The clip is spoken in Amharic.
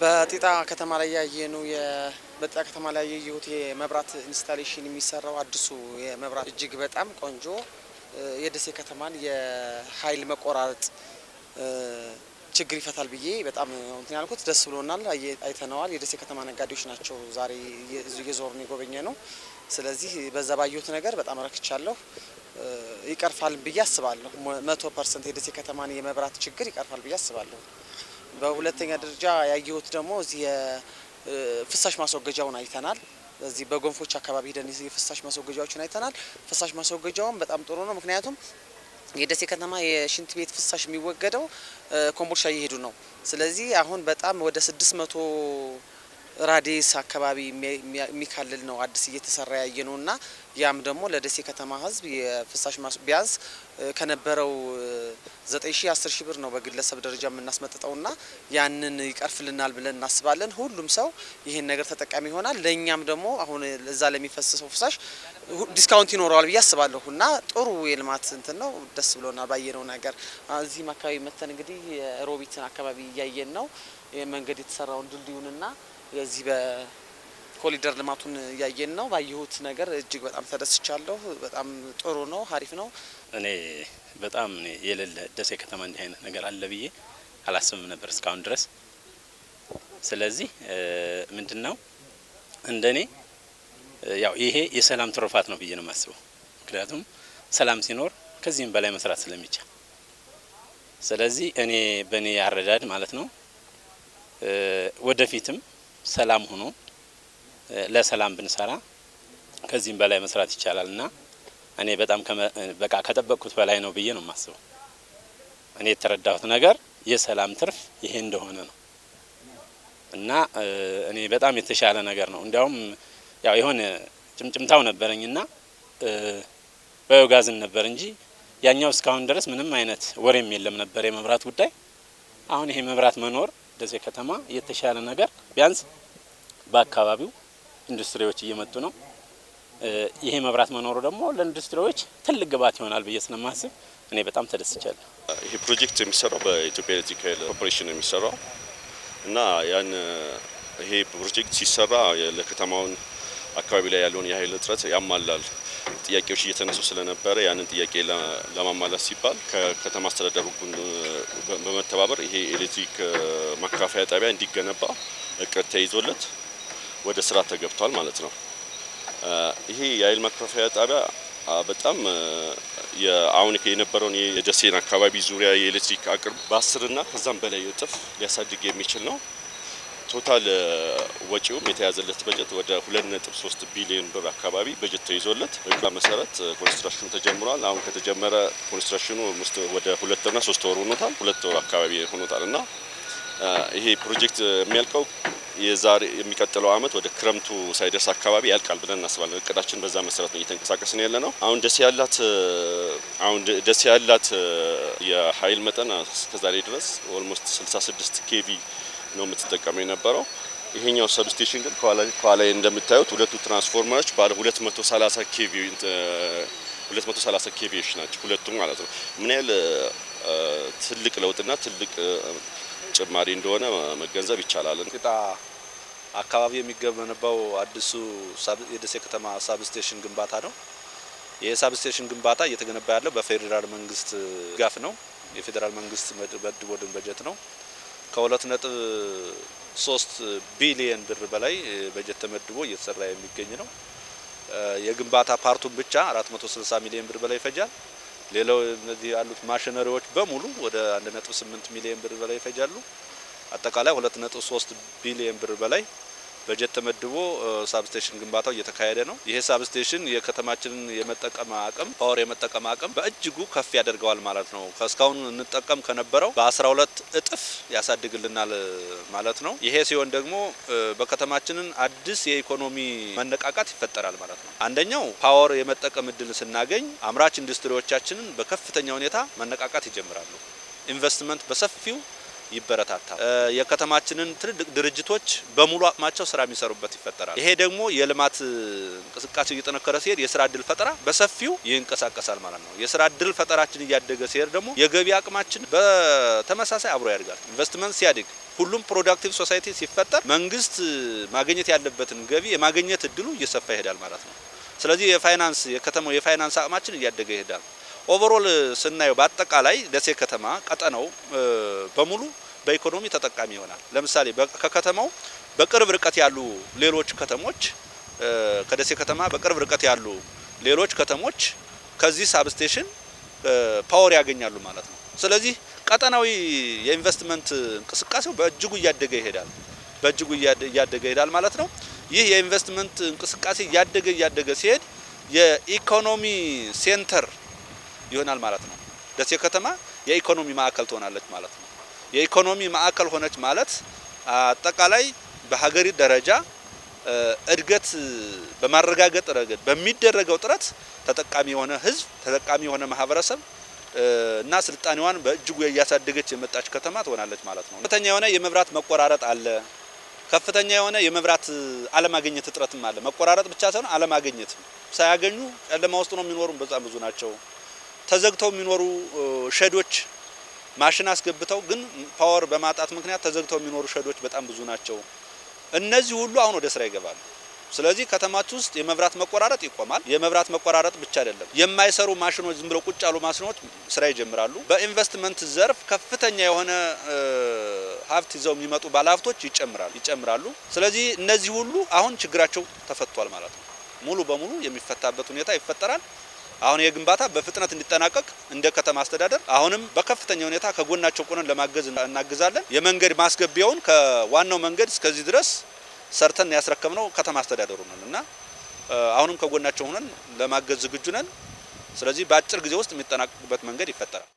በጢጣ ከተማ ላይ ያየኑ በጢጣ ከተማ ላይ ያየሁት የመብራት ኢንስታሌሽን የሚሰራው አዲሱ የመብራት እጅግ በጣም ቆንጆ የደሴ ከተማን የኃይል መቆራረጥ ችግር ይፈታል ብዬ በጣም እንትን ያልኩት ደስ ብሎናል። አይተነዋል። የደሴ ከተማ ነጋዴዎች ናቸው ዛሬ እየዞርን የጎበኘ ነው። ስለዚህ በዛ ባየሁት ነገር በጣም ረክቻለሁ። ይቀርፋል ብዬ አስባለሁ። መቶ ፐርሰንት የደሴ ከተማን የመብራት ችግር ይቀርፋል ብዬ አስባለሁ። በሁለተኛ ደረጃ ያየሁት ደግሞ እዚህ የፍሳሽ ማስወገጃውን አይተናል። እዚህ በጎንፎች አካባቢ ሄደን የፍሳሽ ማስወገጃዎችን አይተናል። ፍሳሽ ማስወገጃውን በጣም ጥሩ ነው። ምክንያቱም የደሴ ከተማ የሽንት ቤት ፍሳሽ የሚወገደው ኮምቦልቻ እየሄዱ ነው። ስለዚህ አሁን በጣም ወደ ስድስት መቶ ራዴስ አካባቢ የሚካልል ነው አዲስ እየተሰራ ያየ ነው እና ያም ደግሞ ለደሴ ከተማ ህዝብ የፍሳሽ ቢያንስ ከነበረው 9 ሺህ 10 ሺ ብር ነው በግለሰብ ደረጃ የምናስመጥጠውና ያንን ይቀርፍልናል ብለን እናስባለን። ሁሉም ሰው ይህን ነገር ተጠቃሚ ይሆናል። ለእኛም ደግሞ አሁን እዛ ለሚፈስሰው ፍሳሽ ዲስካውንት ይኖረዋል ብዬ አስባለሁ እና ጥሩ የልማት እንትን ነው። ደስ ብሎናል ባየነው ነገር። እዚህም አካባቢ መተን እንግዲህ ሮቢትን አካባቢ እያየን ነው የመንገድ የተሰራውን ድልድዩንና የዚህ በኮሊደር ልማቱን እያየን ነው። ባየሁት ነገር እጅግ በጣም ተደስቻለሁ። በጣም ጥሩ ነው፣ ሀሪፍ ነው። እኔ በጣም የሌለ ደሴ ከተማ እንዲህ አይነት ነገር አለ ብዬ አላስብም ነበር እስካሁን ድረስ። ስለዚህ ምንድን ነው እንደኔ ያው ይሄ የሰላም ትሩፋት ነው ብዬ ነው የማስበው። ምክንያቱም ሰላም ሲኖር ከዚህም በላይ መስራት ስለሚቻል ስለዚህ እኔ በእኔ አረዳድ ማለት ነው ወደፊትም ሰላም ሆኖ ለሰላም ብንሰራ ከዚህም በላይ መስራት ይቻላል እና እኔ በጣም በቃ ከጠበቅኩት በላይ ነው ብዬ ነው የማስበው። እኔ የተረዳሁት ነገር የሰላም ትርፍ ይሄ እንደሆነ ነው እና እኔ በጣም የተሻለ ነገር ነው። እንዲያውም ያው የሆነ ጭምጭምታው ነበረኝና በዮጋዝን ነበር እንጂ ያኛው እስካሁን ድረስ ምንም አይነት ወሬም የለም ነበር የመብራት ጉዳይ። አሁን ይሄ መብራት መኖር ደሴ ከተማ የተሻለ ነገር ቢያንስ በአካባቢው ኢንዱስትሪዎች እየመጡ ነው። ይሄ መብራት መኖሩ ደግሞ ለኢንዱስትሪዎች ትልቅ ግብዓት ይሆናል ብዬ ስለማስብ እኔ በጣም ተደስቻለሁ። ይሄ ፕሮጀክት የሚሰራው በኢትዮጵያ ኤሌክትሪክ ኃይል ኮርፖሬሽን የሚሰራው እና ያን ይሄ ፕሮጀክት ሲሰራ ለከተማውን አካባቢ ላይ ያለውን የኃይል እጥረት ያሟላል። ጥያቄዎች እየተነሱ ስለነበረ ያንን ጥያቄ ለማሟላት ሲባል ከከተማ አስተዳደሩ በመተባበር ይሄ ኤሌክትሪክ ማከፋፈያ ጣቢያ እንዲገነባ እቅድ ተይዞለት ወደ ስራ ተገብቷል ማለት ነው። ይሄ የኃይል ማከፋፈያ ጣቢያ በጣም አሁን የነበረውን የደሴን አካባቢ ዙሪያ የኤሌክትሪክ አቅርቦት በአስርና ከዛም በላይ እጥፍ ሊያሳድግ የሚችል ነው። ቶታል ወጪውም የተያዘለት በጀት ወደ 2.3 ቢሊዮን ብር አካባቢ በጀት ተይዞለት እቅዱ መሰረት ኮንስትራክሽኑ ተጀምሯል። አሁን ከተጀመረ ኮንስትራክሽኑ ወደ ሁለትና ሶስት ወር ሆኖታል። ሁለት ወር አካባቢ ሆኖታል እና ይሄ ፕሮጀክት የሚያልቀው የዛሬ የሚቀጥለው አመት ወደ ክረምቱ ሳይደርስ አካባቢ ያልቃል ብለን እናስባለን። እቅዳችን በዛ መሰረት ነው እየተንቀሳቀስን ያለ ነው። አሁን ደሴ ያላት አሁን ደሴ ያላት የኃይል መጠን እስከዛሬ ድረስ ኦልሞስት 66 ኬቪ ነው የምትጠቀመው የነበረው። ይሄኛው ሰብስቴሽን ግን ከኋላ እንደምታዩት ሁለቱ ትራንስፎርመሮች ባለ 230 ኬቪ 230 ኬቪዎች ናቸው ሁለቱ ማለት ነው። ምን ያህል ትልቅ ለውጥና ትልቅ ጭማሪ እንደሆነ መገንዘብ ይቻላል። ቂጣ አካባቢ የሚገነባው አዲሱ የደሴ ከተማ ሳብስቴሽን ግንባታ ነው። ይሄ ሳብስቴሽን ግንባታ እየተገነባ ያለው በፌዴራል መንግስት ድጋፍ ነው። የፌዴራል መንግስት መድቦ በጀት ነው። ከሁለት ነጥብ ሶስት ቢሊየን ብር በላይ በጀት ተመድቦ እየተሰራ የሚገኝ ነው። የግንባታ ፓርቱን ብቻ 460 ሚሊዮን ብር በላይ ይፈጃል። ሌላው እነዚህ ያሉት ማሽነሪዎች በሙሉ ወደ 1.8 ሚሊዮን ብር በላይ ይፈጃሉ። አጠቃላይ 2.3 ቢሊዮን ብር በላይ በጀት ተመድቦ ሳብስቴሽን ግንባታው እየተካሄደ ነው። ይሄ ሳብስቴሽን የከተማችንን የመጠቀም አቅም ፓወር የመጠቀም አቅም በእጅጉ ከፍ ያደርገዋል ማለት ነው። ከእስካሁን እንጠቀም ከነበረው በ12 እጥፍ ያሳድግልናል ማለት ነው። ይሄ ሲሆን ደግሞ በከተማችንን አዲስ የኢኮኖሚ መነቃቃት ይፈጠራል ማለት ነው። አንደኛው ፓወር የመጠቀም እድል ስናገኝ አምራች ኢንዱስትሪዎቻችንን በከፍተኛ ሁኔታ መነቃቃት ይጀምራሉ። ኢንቨስትመንት በሰፊው ይበረታታል። የከተማችንን ትልልቅ ድርጅቶች በሙሉ አቅማቸው ስራ የሚሰሩበት ይፈጠራል። ይሄ ደግሞ የልማት እንቅስቃሴ እየጠነከረ ሲሄድ የስራ እድል ፈጠራ በሰፊው ይንቀሳቀሳል ማለት ነው። የስራ እድል ፈጠራችን እያደገ ሲሄድ ደግሞ የገቢ አቅማችን በተመሳሳይ አብሮ ያድጋል። ኢንቨስትመንት ሲያድግ ሁሉም ፕሮዳክቲቭ ሶሳይቲ ሲፈጠር መንግስት ማግኘት ያለበትን ገቢ የማግኘት እድሉ እየሰፋ ይሄዳል ማለት ነው። ስለዚህ የፋይናንስ የከተማው የፋይናንስ አቅማችን እያደገ ይሄዳል። ኦቨሮል ስናየው በአጠቃላይ ደሴ ከተማ ቀጠናው በሙሉ በኢኮኖሚ ተጠቃሚ ይሆናል። ለምሳሌ ከከተማው በቅርብ ርቀት ያሉ ሌሎች ከተሞች ከደሴ ከተማ በቅርብ ርቀት ያሉ ሌሎች ከተሞች ከዚህ ሳብስቴሽን ፓወር ያገኛሉ ማለት ነው። ስለዚህ ቀጠናዊ የኢንቨስትመንት እንቅስቃሴው በእጅጉ እያደገ ይሄዳል በእጅጉ እያደገ ይሄዳል ማለት ነው። ይህ የኢንቨስትመንት እንቅስቃሴ እያደገ እያደገ ሲሄድ የኢኮኖሚ ሴንተር ይሆናል ማለት ነው። ደሴ ከተማ የኢኮኖሚ ማዕከል ትሆናለች ማለት ነው። የኢኮኖሚ ማዕከል ሆነች ማለት አጠቃላይ በሀገሪቱ ደረጃ እድገት በማረጋገጥ ረገድ በሚደረገው ጥረት ተጠቃሚ የሆነ ህዝብ ተጠቃሚ የሆነ ማህበረሰብ እና ስልጣኔዋን በእጅጉ እያሳደገች የመጣች ከተማ ትሆናለች ማለት ነው። ከፍተኛ የሆነ የመብራት መቆራረጥ አለ። ከፍተኛ የሆነ የመብራት አለማግኘት እጥረትም አለ። መቆራረጥ ብቻ ሳይሆን አለማግኘት ሳያገኙ ጨለማ ውስጥ ነው የሚኖሩ በጣም ብዙ ናቸው። ተዘግተው የሚኖሩ ሸዶች ማሽን አስገብተው ግን ፓወር በማጣት ምክንያት ተዘግተው የሚኖሩ ሸዶች በጣም ብዙ ናቸው። እነዚህ ሁሉ አሁን ወደ ስራ ይገባሉ። ስለዚህ ከተማች ውስጥ የመብራት መቆራረጥ ይቆማል። የመብራት መቆራረጥ ብቻ አይደለም፣ የማይሰሩ ማሽኖች፣ ዝም ብለው ቁጭ ያሉ ማሽኖች ስራ ይጀምራሉ። በኢንቨስትመንት ዘርፍ ከፍተኛ የሆነ ሀብት ይዘው የሚመጡ ባለሀብቶች ይጨምራሉ ይጨምራሉ። ስለዚህ እነዚህ ሁሉ አሁን ችግራቸው ተፈቷል ማለት ነው። ሙሉ በሙሉ የሚፈታበት ሁኔታ ይፈጠራል። አሁን የግንባታ በፍጥነት እንዲጠናቀቅ እንደ ከተማ አስተዳደር አሁንም በከፍተኛ ሁኔታ ከጎናቸው ቆነን ለማገዝ እናግዛለን። የመንገድ ማስገቢያውን ከዋናው መንገድ እስከዚህ ድረስ ሰርተን ያስረከብነው ከተማ አስተዳደሩ ነን እና አሁንም ከጎናቸው ሆነን ለማገዝ ዝግጁ ነን። ስለዚህ በአጭር ጊዜ ውስጥ የሚጠናቀቅበት መንገድ ይፈጠራል።